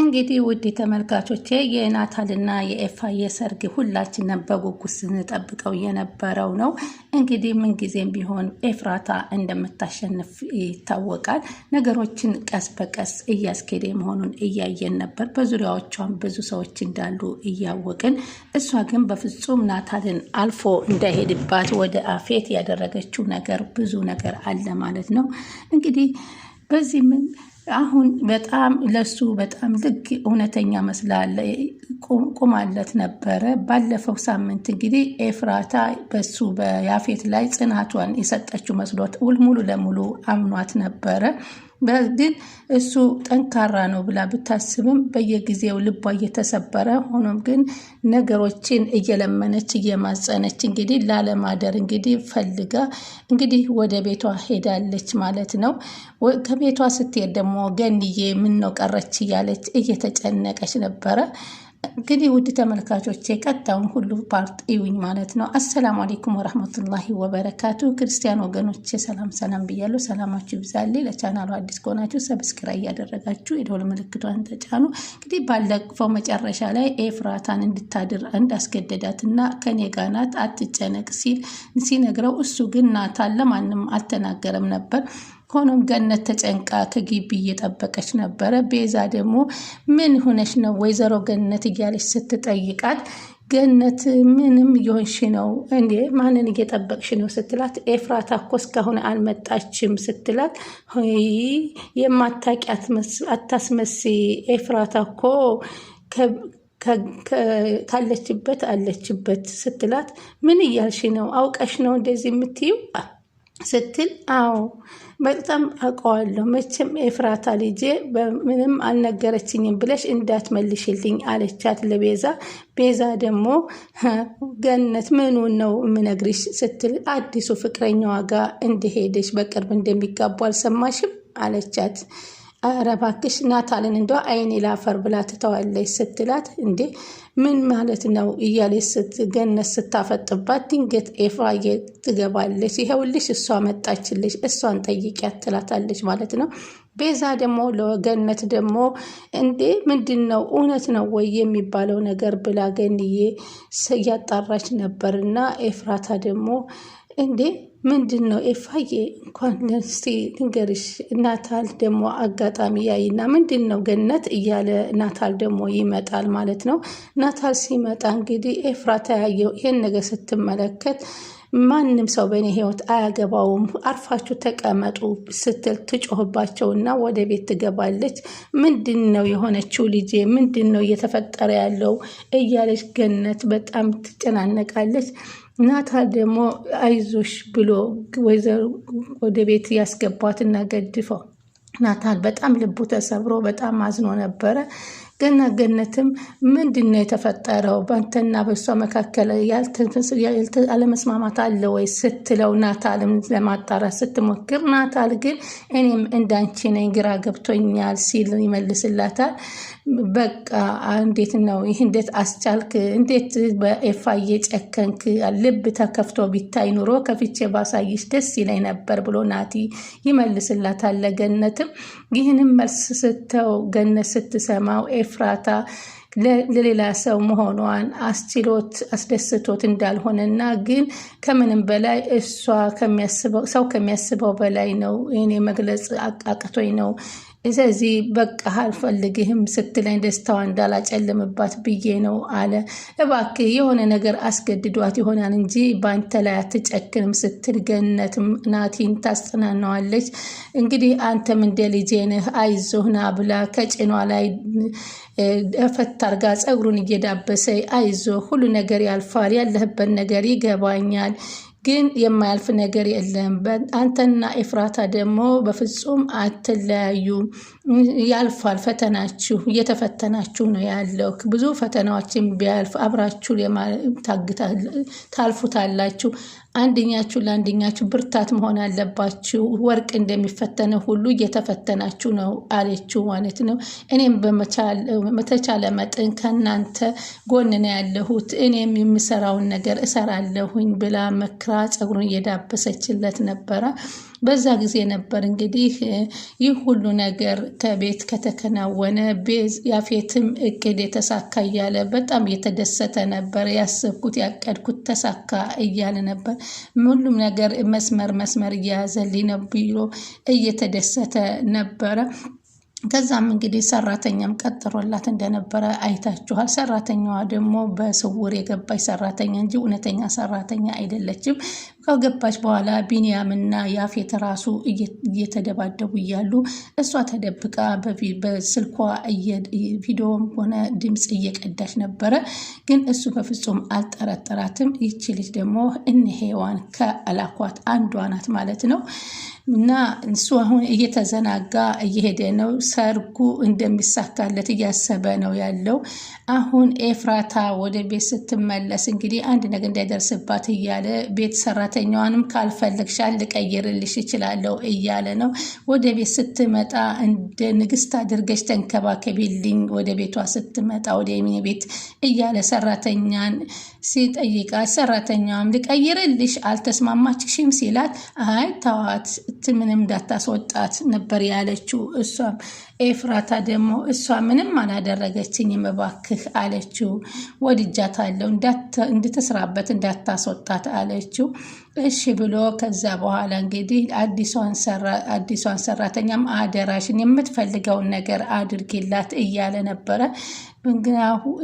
እንግዲህ ውድ ተመልካቾቼ የናታልና የኤፋዬ ሰርግ ሁላችንም በጉጉት ስንጠብቀው የነበረው ነው። እንግዲህ ምንጊዜም ቢሆን ኤፍራታ እንደምታሸንፍ ይታወቃል። ነገሮችን ቀስ በቀስ እያስኬደ መሆኑን እያየን ነበር። በዙሪያዎቿን ብዙ ሰዎች እንዳሉ እያወቅን፣ እሷ ግን በፍጹም ናታልን አልፎ እንዳይሄድባት ወደ አፌት ያደረገችው ነገር ብዙ ነገር አለ ማለት ነው እንግዲህ በዚህ ምን አሁን በጣም ለሱ በጣም ልክ እውነተኛ መስላለ ቁማለት ነበረ። ባለፈው ሳምንት እንግዲህ ኤፍራታ በሱ በያፌት ላይ ጽናቷን የሰጠችው መስሎት ሙሉ ለሙሉ አምኗት ነበረ። ግን እሱ ጠንካራ ነው ብላ ብታስብም በየጊዜው ልቧ እየተሰበረ ሆኖም ግን ነገሮችን እየለመነች እየማጸነች እንግዲህ ላለማደር እንግዲህ ፈልጋ እንግዲህ ወደ ቤቷ ሄዳለች ማለት ነው። ከቤቷ ስትሄድ ደግሞ ገንዬ ምን ነው ቀረች እያለች እየተጨነቀች ነበረ። እንግዲህ ውድ ተመልካቾች ቀጣውን ሁሉ ፓርት ይውኝ ማለት ነው። አሰላሙ አሌይኩም ወረህመቱላሂ ወበረካቱ። ክርስቲያን ወገኖች ሰላም ሰላም ብያለሁ። ሰላማችሁ ይብዛል። ለቻናሉ አዲስ ከሆናችሁ ሰብስክራይ እያደረጋችሁ የደወል ምልክቷን ተጫኑ። እንግዲህ ባለፈው መጨረሻ ላይ ኤፍራታን እንድታድር እንዳስገደዳትና ከኔ ጋር ናት አትጨነቅ ሲል ሲነግረው እሱ ግን ናታን ለማንም አልተናገረም ነበር። ሆኖም ገነት ተጨንቃ ከግቢ እየጠበቀች ነበረ። ቤዛ ደግሞ ምን ሆነች ነው ወይዘሮ ገነት እያለች ስትጠይቃት ገነት ምንም እየሆንሽ ነው እንዴ? ማንን እየጠበቅሽ ነው ስትላት ኤፍራታ እኮ እስካሁን አልመጣችም ስትላት ሆይ የማታውቂ አታስመሲ፣ ኤፍራታ እኮ ካለችበት አለችበት ስትላት ምን እያልሽ ነው? አውቀሽ ነው እንደዚህ የምትይው ስትል አዎ በጣም አውቀዋለሁ። መቼም ኤፍራታ ልጄ በምንም አልነገረችኝም ብለሽ እንዳትመልሽልኝ አለቻት ለቤዛ። ቤዛ ደግሞ ገነት ምኑን ነው የምነግርሽ ስትል አዲሱ ፍቅረኛዋ ጋር እንደሄደች በቅርብ እንደሚጋቡ አልሰማሽም አለቻት። ኧረ እባክሽ ናታልን እንደ አይኔ ላፈር ብላ ትተዋለች ስትላት፣ እንዴ ምን ማለት ነው እያለች ስትገነት ስታፈጥባት ድንገት ኤፋዬ ትገባለች። ይኸውልሽ እሷ መጣችልሽ እሷን ጠይቂያት ትላታለች ማለት ነው። ቤዛ ደግሞ ለገነት ደግሞ እንዴ ምንድን ነው እውነት ነው ወይ የሚባለው ነገር ብላ ገንዬ እያጣራች ነበር እና ኤፍራታ ደግሞ እንዴ ምንድን ነው ኤፋዬ? እንኳን እስቲ ንገርሽ። ናታል ደግሞ አጋጣሚ ያይና ምንድን ነው ገነት እያለ ናታል ደግሞ ይመጣል ማለት ነው። ናታል ሲመጣ እንግዲህ ኤፍራ ተያየው ይህን ነገር ስትመለከት ማንም ሰው በእኔ ህይወት አያገባውም፣ አርፋችሁ ተቀመጡ ስትል ትጮህባቸውና ወደ ቤት ትገባለች። ምንድን ነው የሆነችው ልጄ? ምንድን ነው እየተፈጠረ ያለው? እያለች ገነት በጣም ትጨናነቃለች። ናታል ደግሞ አይዞሽ ብሎ ወይዘሮ ወደ ቤት ያስገቧትና ገድፈው ናታል በጣም ልቡ ተሰብሮ በጣም አዝኖ ነበረ። ገና ገነትም ምንድን ነው የተፈጠረው በንተና በሷ መካከል አለመስማማት አለ ወይ ስትለው ናታልም ለማጣራት ስትሞክር ናታል ግን እኔም እንዳንቺ ነኝ ግራ ገብቶኛል ሲል ይመልስላታል። በቃ እንዴት ነው ይህ እንዴት አስቻልክ? እንዴት በኤፋዬ ጨከንክ? ልብ ተከፍቶ ቢታይ ኑሮ ከፍቼ ባሳይሽ ደስ ይለኝ ነበር ብሎ ናቲ ይመልስላታል። ለገነትም ይህንም መልስ ስተው ገነት ስትሰማው ኤፍራታ ለሌላ ሰው መሆኗን አስችሎት አስደስቶት እንዳልሆነና ግን ከምንም በላይ እሷ ሰው ከሚያስበው በላይ ነው፣ እኔ መግለጽ አቃቅቶኝ ነው ስለዚህ በቃ አልፈልግህም ስትለኝ ደስታዋ እንዳላጨልምባት ብዬ ነው አለ። እባክህ የሆነ ነገር አስገድዷት ይሆናል እንጂ በአንተ ላይ አትጨክንም ስትል ገነትም ናቲን ታስጠናናዋለች። እንግዲህ አንተም እንደ ልጄ ነህ ብላ ከጭኗ ላይ እፈት አርጋ ፀጉሩን እየዳበሰ አይዞ ሁሉ ነገር ያልፋል፣ ያለህበት ነገር ይገባኛል ግን የማያልፍ ነገር የለም። አንተና ኤፍራታ ደግሞ በፍጹም አትለያዩም። ያልፏል ፈተናችሁ እየተፈተናችሁ ነው ያለው። ብዙ ፈተናዎችን ቢያልፍ አብራችሁ ታልፉታላችሁ። አንደኛችሁ ለአንደኛችሁ ብርታት መሆን አለባችሁ። ወርቅ እንደሚፈተነ ሁሉ እየተፈተናችሁ ነው አለችው ማለት ነው። እኔም በተቻለ መጠን ከእናንተ ጎን ነው ያለሁት፣ እኔም የምሰራውን ነገር እሰራለሁኝ ብላ መክራ ፀጉሩን እየዳበሰችለት ነበረ። በዛ ጊዜ ነበር እንግዲህ ይህ ሁሉ ነገር ከቤት ከተከናወነ ቤዝ ያፌትም እቅድ የተሳካ እያለ በጣም የተደሰተ ነበር። ያሰብኩት ያቀድኩት ተሳካ እያለ ነበር። ሁሉም ነገር መስመር መስመር እየያዘልኝ ነው እየተደሰተ ነበረ። ከዛም እንግዲህ ሰራተኛም ቀጥሮላት እንደነበረ አይታችኋል። ሰራተኛዋ ደግሞ በስውር የገባች ሰራተኛ እንጂ እውነተኛ ሰራተኛ አይደለችም። ከገባች በኋላ ቢንያምና ያፌት ራሱ እየተደባደቡ እያሉ እሷ ተደብቃ በስልኳ ቪዲዮም ሆነ ድምፅ እየቀዳች ነበረ። ግን እሱ በፍጹም አልጠረጠራትም። ይች ልጅ ደግሞ እንሄዋን ከአላኳት አንዷ ናት ማለት ነው። እና እሱ አሁን እየተዘናጋ እየሄደ ነው። ሰርጉ እንደሚሳካለት እያሰበ ነው ያለው። አሁን ኤፍራታ ወደ ቤት ስትመለስ እንግዲህ አንድ ነገር እንዳይደርስባት እያለ ቤት ሰራ። ሰራተኛዋንም ካልፈለግሻል ልቀይርልሽ ይችላለሁ እያለ ነው። ወደ ቤት ስትመጣ እንደ ንግስት አድርገሽ ተንከባከቢልኝ፣ ወደ ቤቷ ስትመጣ ወደ ሚኒ ቤት እያለ ሰራተኛን ሲጠይቃት ሰራተኛዋም ልቀይርልሽ አልተስማማችሽም ሲላት አይ ተዋት ምንም እንዳታስወጣት ነበር ያለችው። እሷም ኤፍራታ ደግሞ እሷ ምንም አላደረገችኝም እባክህ አለችው። ወድጃታለሁ እንድትስራበት እንዳታስወጣት አለችው። እሺ ብሎ ከዛ በኋላ እንግዲህ አዲሷን ሰራተኛም አደራሽን የምትፈልገውን ነገር አድርጊላት እያለ ነበረ።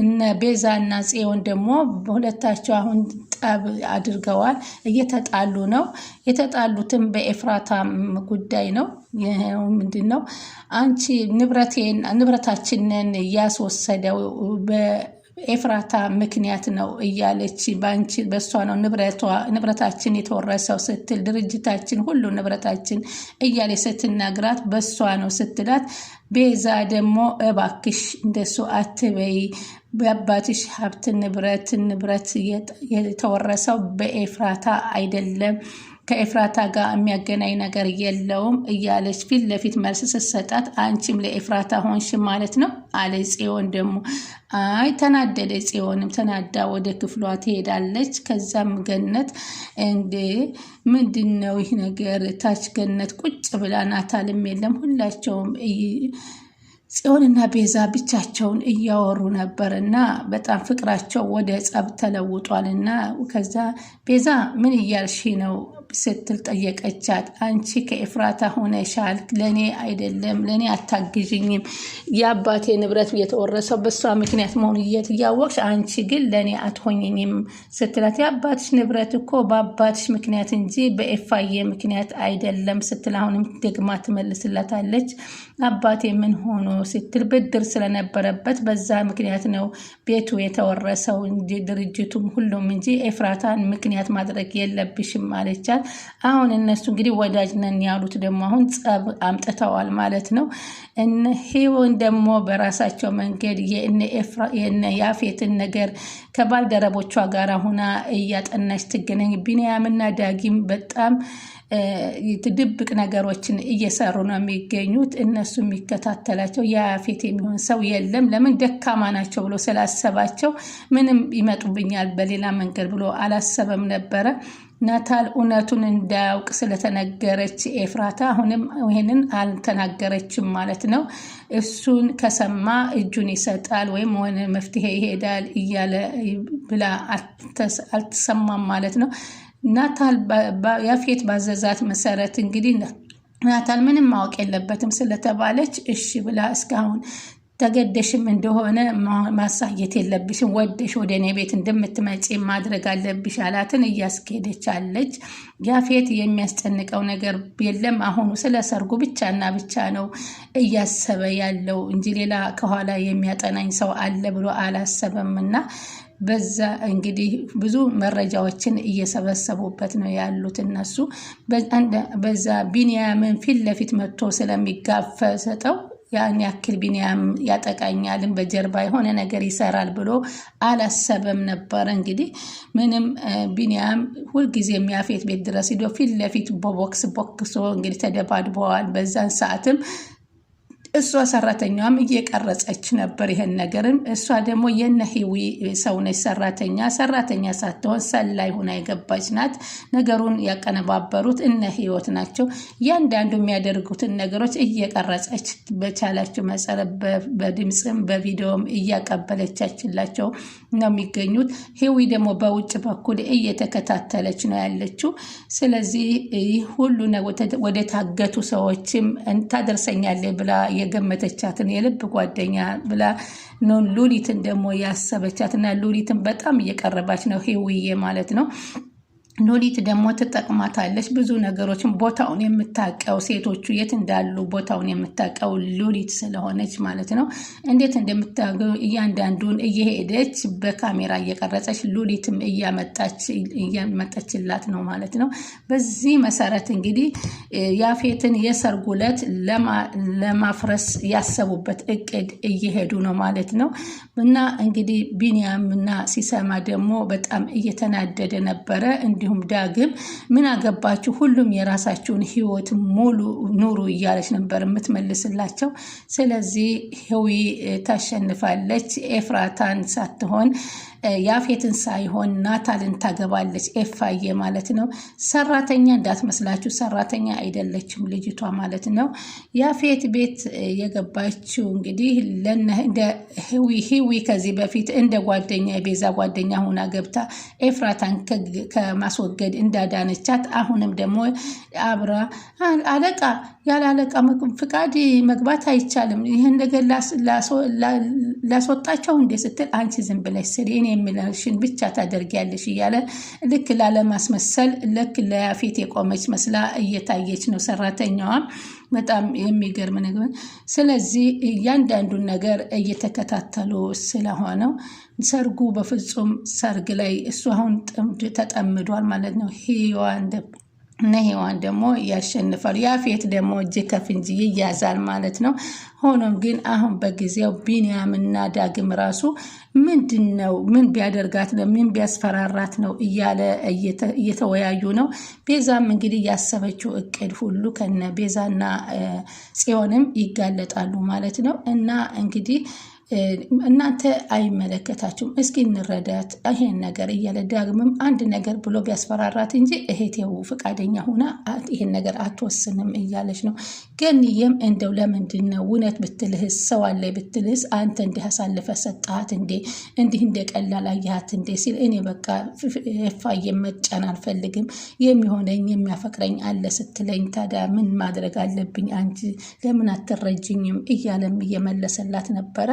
እነ ቤዛ እና ጽዮን ደግሞ ሁለታቸው አሁን ጠብ አድርገዋል፣ እየተጣሉ ነው። የተጣሉትም በኤፍራታ ጉዳይ ነው። ምንድን ነው አንቺ ንብረታችንን እያስወሰደው ኤፍራታ ምክንያት ነው እያለች በአንቺ በእሷ ነው ንብረታችን የተወረሰው ስትል ድርጅታችን፣ ሁሉ ንብረታችን እያለች ስትናግራት በእሷ ነው ስትላት፣ ቤዛ ደግሞ እባክሽ እንደሱ አትበይ በአባትሽ ሀብት ንብረት ንብረት የተወረሰው በኤፍራታ አይደለም ከኤፍራታ ጋር የሚያገናኝ ነገር የለውም እያለች ፊት ለፊት መልስ ስትሰጣት አንቺም ለኤፍራታ ሆንሽ ማለት ነው አለ ጽዮን ደግሞ አይ ተናደደ ጽዮንም ተናዳ ወደ ክፍሏ ትሄዳለች ከዛም ገነት እንዴ ምንድን ነው ይህ ነገር ታች ገነት ቁጭ ብላ ናታልም የለም ሁላቸውም ጽዮንና ቤዛ ብቻቸውን እያወሩ ነበር እና በጣም ፍቅራቸው ወደ ጸብ ተለውጧል እና ከዛ ቤዛ ምን እያልሽ ነው ስትል ጠየቀቻት። አንቺ ከኤፍራታ ሆነሻል፣ ለእኔ አይደለም ለእኔ አታግዥኝም። የአባቴ ንብረት የተወረሰው በሷ ምክንያት መሆኑ የት እያወቅሽ አንቺ ግን ለእኔ አትሆኝኝም ስትላት፣ የአባትሽ ንብረት እኮ በአባትሽ ምክንያት እንጂ በኤፋዬ ምክንያት አይደለም ስትል አሁንም ደግማ ትመልስላታለች። አባቴ ምን ሆኖ ስትል ብድር ስለነበረበት በዛ ምክንያት ነው ቤቱ የተወረሰው እንጂ ድርጅቱም ሁሉም እንጂ ኤፍራታን ምክንያት ማድረግ የለብሽም አለቻት። ይመስላል። አሁን እነሱ እንግዲህ ወዳጅ ነን ያሉት ደግሞ አሁን ጸብ አምጥተዋል ማለት ነው። እነ ሄወን ደግሞ በራሳቸው መንገድ የእነ ያፌትን ነገር ከባልደረቦቿ ጋር ሁና እያጠናች ትገናኝ። ቢንያምና ዳጊም በጣም ድብቅ ነገሮችን እየሰሩ ነው የሚገኙት። እነሱ የሚከታተላቸው የአፌት የሚሆን ሰው የለም። ለምን ደካማ ናቸው ብሎ ስላሰባቸው ምንም ይመጡብኛል በሌላ መንገድ ብሎ አላሰበም ነበረ። ናታል እውነቱን እንዳያውቅ ስለተነገረች ኤፍራታ አሁንም ይህንን አልተናገረችም ማለት ነው። እሱን ከሰማ እጁን ይሰጣል ወይም ሆነ መፍትሄ ይሄዳል እያለ ብላ አልተሰማም ማለት ነው። ናታል ያፌት ባዘዛት መሰረት እንግዲህ ናታል ምንም ማወቅ የለበትም ስለተባለች እሺ ብላ እስካሁን ተገደሽም እንደሆነ ማሳየት የለብሽም። ወደሽ ወደ እኔ ቤት እንደምትመጪ ማድረግ አለብሽ አላትን እያስኬደቻለች። ያፌት የሚያስጨንቀው ነገር የለም። አሁኑ ስለ ሰርጉ ብቻና ብቻ ነው እያሰበ ያለው እንጂ ሌላ ከኋላ የሚያጠናኝ ሰው አለ ብሎ አላሰበም እና በዛ እንግዲህ ብዙ መረጃዎችን እየሰበሰቡበት ነው ያሉት እነሱ በዛ ቢንያምን ፊት ለፊት መጥቶ ስለሚጋፈሰጠው ያን ያክል ቢንያም ያጠቃኛልን በጀርባ የሆነ ነገር ይሰራል ብሎ አላሰበም ነበር። እንግዲህ ምንም ቢንያም ሁልጊዜ የሚያፌት ቤት ድረስ ሂዶ ፊት ለፊት በቦክስ ቦክሶ እንግዲህ ተደባድበዋል። በዛን ሰዓትም እሷ ሰራተኛዋም እየቀረጸች ነበር ይሄን ነገርም። እሷ ደግሞ የነ ሂዊ ሰውነች ሰራተኛ ሰራተኛ ሳትሆን ሰላይ ሆና የገባች ናት። ነገሩን ያቀነባበሩት እነ ህይወት ናቸው። እያንዳንዱ የሚያደርጉትን ነገሮች እየቀረጸች በቻላቸው መጸረ በድምፅም በቪዲዮም እያቀበለቻችላቸው ነው የሚገኙት። ሂዊ ደግሞ በውጭ በኩል እየተከታተለች ነው ያለችው። ስለዚህ ሁሉ ወደ ታገቱ ሰዎችም ታደርሰኛለ ብላ የገመተቻትን የልብ ጓደኛ ብላ ሉሊትን ደግሞ ያሰበቻትና ሉሊትን በጣም እየቀረባች ነው ሄውዬ ማለት ነው። ኖሊት ደግሞ ትጠቅማታለች። ብዙ ነገሮችን ቦታውን የምታውቀው ሴቶቹ የት እንዳሉ ቦታውን የምታውቀው ሎሊት ስለሆነች ማለት ነው። እንዴት እንደምታገው እያንዳንዱን እየሄደች በካሜራ እየቀረጸች ሎሊትም እያመጣችላት ነው ማለት ነው። በዚህ መሰረት እንግዲህ ያፌትን የሰርጉ ዕለት ለማፍረስ ያሰቡበት እቅድ እየሄዱ ነው ማለት ነው እና እንግዲህ ቢንያምና ሲሰማ ደግሞ በጣም እየተናደደ ነበረ እንዲ እንዲሁም ዳግም ምን አገባችሁ ሁሉም የራሳችሁን ህይወት ሙሉ ኑሩ እያለች ነበር የምትመልስላቸው። ስለዚህ ህዊ ታሸንፋለች። ኤፍራታን ሳትሆን ያፌትን ሳይሆን ናታልን ታገባለች። ኤፋዬ ማለት ነው። ሰራተኛ እንዳትመስላችሁ፣ ሰራተኛ አይደለችም ልጅቷ ማለት ነው። ያፌት ቤት የገባችው እንግዲህ ህዊ ከዚህ በፊት እንደ ጓደኛ የቤዛ ጓደኛ ሁና ገብታ ኤፍራታን ከማስ በማስወገድ እንዳዳነቻት አሁንም ደግሞ አብራ አለቃ ያለ አለቃ ፍቃድ መግባት አይቻልም፣ ይህን ነገር ላስወጣቸው እንዴ ስትል አንቺ ዝም ብለሽ ስሪ፣ እኔ የምልሽን ብቻ ታደርጊያለሽ እያለ ልክ ላለማስመሰል ልክ ለፊት የቆመች መስላ እየታየች ነው ሰራተኛዋም በጣም የሚገርም ነገር። ስለዚህ እያንዳንዱን ነገር እየተከታተሉ ስለሆነው ሰርጉ በፍጹም ሰርግ ላይ እሱ አሁን ተጠምዷል ማለት ነው ሄዋን ነሄዋን ደግሞ ያሸንፋል። ያፌት ደግሞ እጅ ከፍንጅ ይያዛል ማለት ነው። ሆኖም ግን አሁን በጊዜው ቢንያምና ዳግም ራሱ ምንድን ነው ምን ቢያደርጋት ነው ምን ቢያስፈራራት ነው እያለ እየተወያዩ ነው። ቤዛም እንግዲህ ያሰበችው እቅድ ሁሉ ከነ ቤዛና ጽዮንም ይጋለጣሉ ማለት ነው እና እንግዲህ እናንተ አይመለከታችሁም፣ እስኪ እንረዳት ይሄን ነገር እያለ ዳግምም አንድ ነገር ብሎ ቢያስፈራራት እንጂ እህቴው ፈቃደኛ ሁና ይሄን ነገር አትወስንም እያለች ነው። ግን ይህም እንደው ለምንድን ነው እውነት ብትልህስ ሰው አለ ብትልህስ አንተ እንዲህ አሳልፈ ሰጣት እንዴ? እንዲህ እንደ ቀላል አያት እንዴ? ሲል እኔ በቃ ፋ የመጫን አልፈልግም የሚሆነኝ የሚያፈቅረኝ አለ ስትለኝ ታዲያ ምን ማድረግ አለብኝ? አንቺ ለምን አትረጅኝም? እያለም እየመለሰላት ነበረ።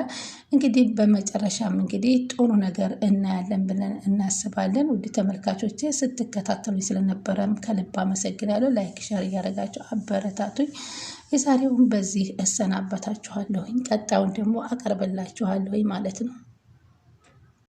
እንግዲህ በመጨረሻም እንግዲህ ጥሩ ነገር እናያለን ብለን እናስባለን። ውድ ተመልካቾቼ ስትከታተሉኝ ስለነበረም ከልብ አመሰግናለሁ። ላይክ፣ ሸር እያደረጋቸው አበረታቱኝ። የዛሬውን በዚህ እሰናበታችኋለሁኝ። ቀጣዩን ደግሞ አቀርብላችኋለሁኝ ማለት ነው።